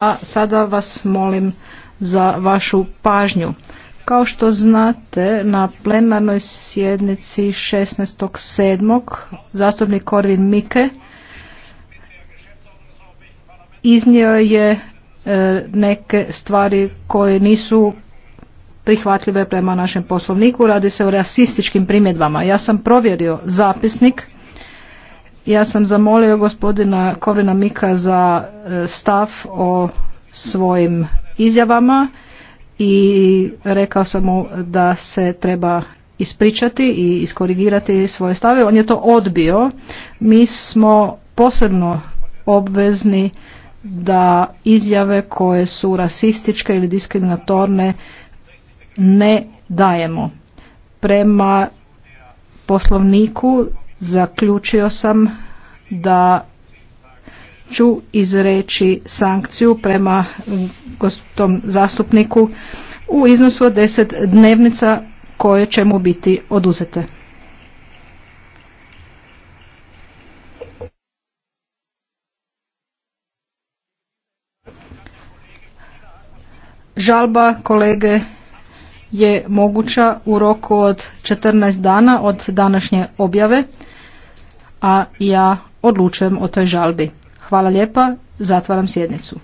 A sada vas molim za vašu pažnju. Kao što znate, na plenarnoj sjednici 16.7. zastupnik Korvin Mike iznio je e, neke stvari koje nisu prihvatljive prema našem poslovniku. Radi se o rasističkim primjedbama. Ja sam provjerio zapisnik ja sam zamolio gospodina Korina Mika za e, stav o svojim izjavama i rekao sam mu da se treba ispričati i iskorigirati svoje stave. On je to odbio. Mi smo posebno obvezni da izjave koje su rasističke ili diskriminatorne ne dajemo. Prema poslovniku zaključio sam da ću izreći sankciju prema mm, tom zastupniku u iznosu od 10 dnevnica koje će mu biti oduzete. Žalba kolege je moguća u roku od 14 dana od današnje objave, a ja odlučujem o toj žalbi. Hvala lijepa, zatvaram sjednicu.